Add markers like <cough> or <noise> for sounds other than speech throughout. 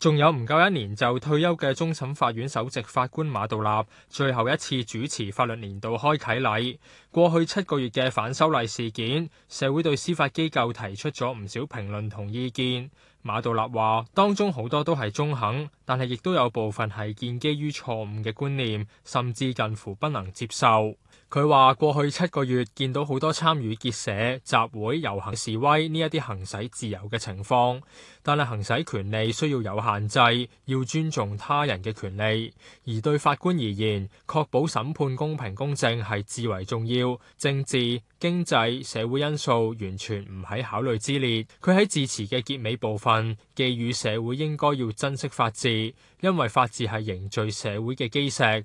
仲有唔夠一年就退休嘅終審法院首席法官馬道立，最後一次主持法律年度開啟禮。過去七個月嘅反修例事件，社會對司法機構提出咗唔少評論同意見。馬道立話，當中好多都係中肯，但係亦都有部分係建基於錯誤嘅觀念，甚至近乎不能接受。佢話過去七個月見到好多參與結社、集會、遊行示威呢一啲行使自由嘅情況，但係行使權利需要有限制，要尊重他人嘅權利。而對法官而言，確保審判公平公正係至為重要。政治、經濟、社會因素完全唔喺考慮之列。佢喺致辭嘅結尾部分，寄語社會應該要珍惜法治，因為法治係凝聚社會嘅基石。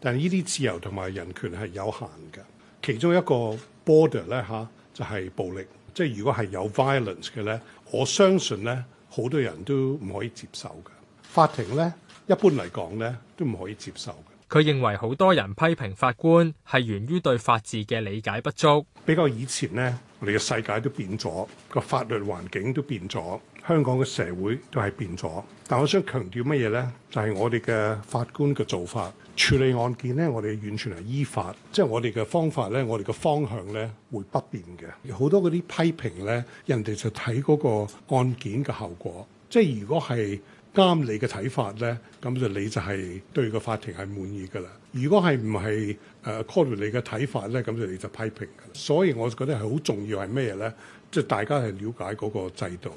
但係呢啲自由同埋人權係有限嘅，其中一個 border 咧吓就係暴力，即係如果係有 violence 嘅咧，我相信咧好多人都唔可以接受嘅。法庭咧一般嚟講咧都唔可以接受嘅。佢認為好多人批評法官係源於對法治嘅理解不足。比較以前咧，我哋嘅世界都變咗，個法律環境都變咗。香港嘅社會都係變咗，但我想強調乜嘢咧？就係我哋嘅法官嘅做法處理案件咧，我哋完全係依法，即係我哋嘅方法咧，我哋嘅方向咧會不變嘅。好多嗰啲批評咧，人哋就睇嗰個案件嘅效果。即係如果係啱你嘅睇法咧，咁就你就係對個法庭係滿意噶啦。如果係唔係誒啱你嘅睇法咧，咁就你就批評。所以我就覺得係好重要係咩嘢咧？即係大家係了解嗰個制度。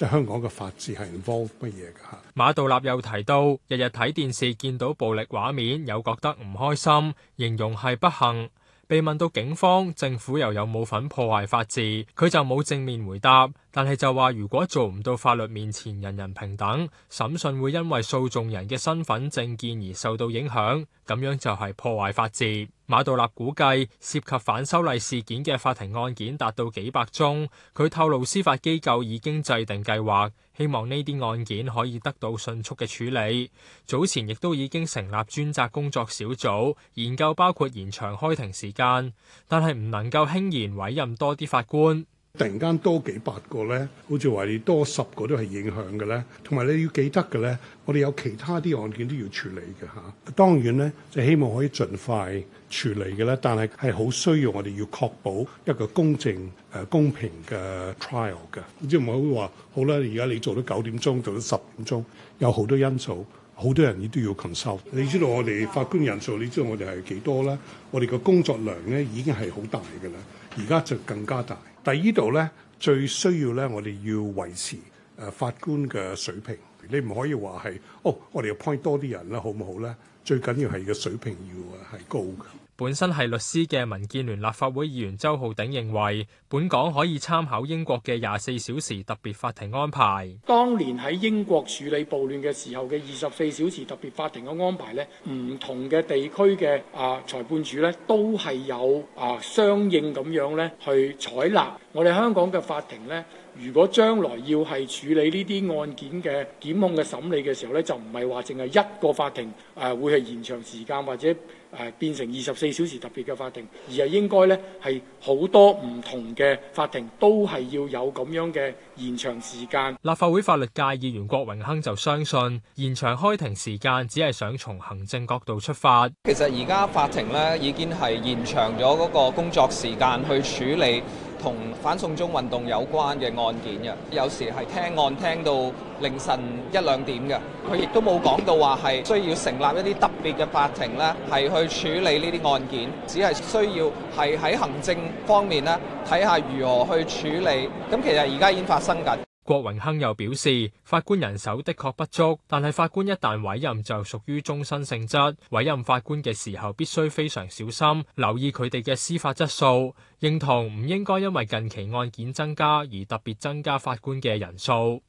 即係香港嘅法治係 involve 乜嘢㗎？馬道立又提到，日日睇電視見到暴力畫面，又覺得唔開心，形容係不幸。被問到警方、政府又有冇份破壞法治，佢就冇正面回答。但係就話，如果做唔到法律面前人人平等，審訊會因為訴訟人嘅身份政見而受到影響，咁樣就係破壞法治。馬道立估計涉及反修例事件嘅法庭案件達到幾百宗。佢透露司法機構已經制定計劃，希望呢啲案件可以得到迅速嘅處理。早前亦都已經成立專責工作小組，研究包括延長開庭時間，但係唔能夠輕言委任多啲法官。突然間多幾百個咧，好似話你多十個都係影響嘅咧。同埋你要記得嘅咧，我哋有其他啲案件都要處理嘅嚇、啊。當然咧就希望可以盡快處理嘅咧，但係係好需要我哋要確保一個公正誒、呃、公平嘅 trial 嘅，唔好話好啦。而家你做到九點鐘，做到十點鐘，有好多因素，好多人你都要 consult。 <music> 你知道我哋法官人數，你知道我哋係幾多咧？我哋個工作量咧已經係好大嘅啦，而家就更加大。但係呢度咧，最需要咧，我哋要維持誒、呃、法官嘅水平。你唔可以話係哦，我哋要 point 多啲人啦，好唔好咧？最緊要係個水平要係高嘅。本身係律師嘅民建聯立法會議員周浩鼎認為，本港可以參考英國嘅廿四小時特別法庭安排。當年喺英國處理暴亂嘅時候嘅二十四小時特別法庭嘅安排呢，唔同嘅地區嘅啊裁判署咧，都係有啊相應咁樣咧去採納。我哋香港嘅法庭呢，如果將來要係處理呢啲案件嘅檢控嘅審理嘅時候呢，就唔係話淨係一個法庭誒會係延長時間，或者誒變成二十四小時特別嘅法庭，而係應該呢係好多唔同嘅法庭都係要有咁樣嘅延長時間。立法會法律界議員郭榮鏗就相信，延長開庭時間只係想從行政角度出發。其實而家法庭呢已經係延長咗嗰個工作時間去處理。同反送中運動有關嘅案件嘅，有時係聽案聽到凌晨一兩點嘅，佢亦都冇講到話係需要成立一啲特別嘅法庭咧，係去處理呢啲案件，只係需要係喺行政方面咧睇下如何去處理。咁其實而家已經發生緊。郭榮鏗又表示，法官人手的確不足，但係法官一旦委任就屬於終身性質，委任法官嘅時候必須非常小心，留意佢哋嘅司法質素，認同唔應該因為近期案件增加而特別增加法官嘅人數。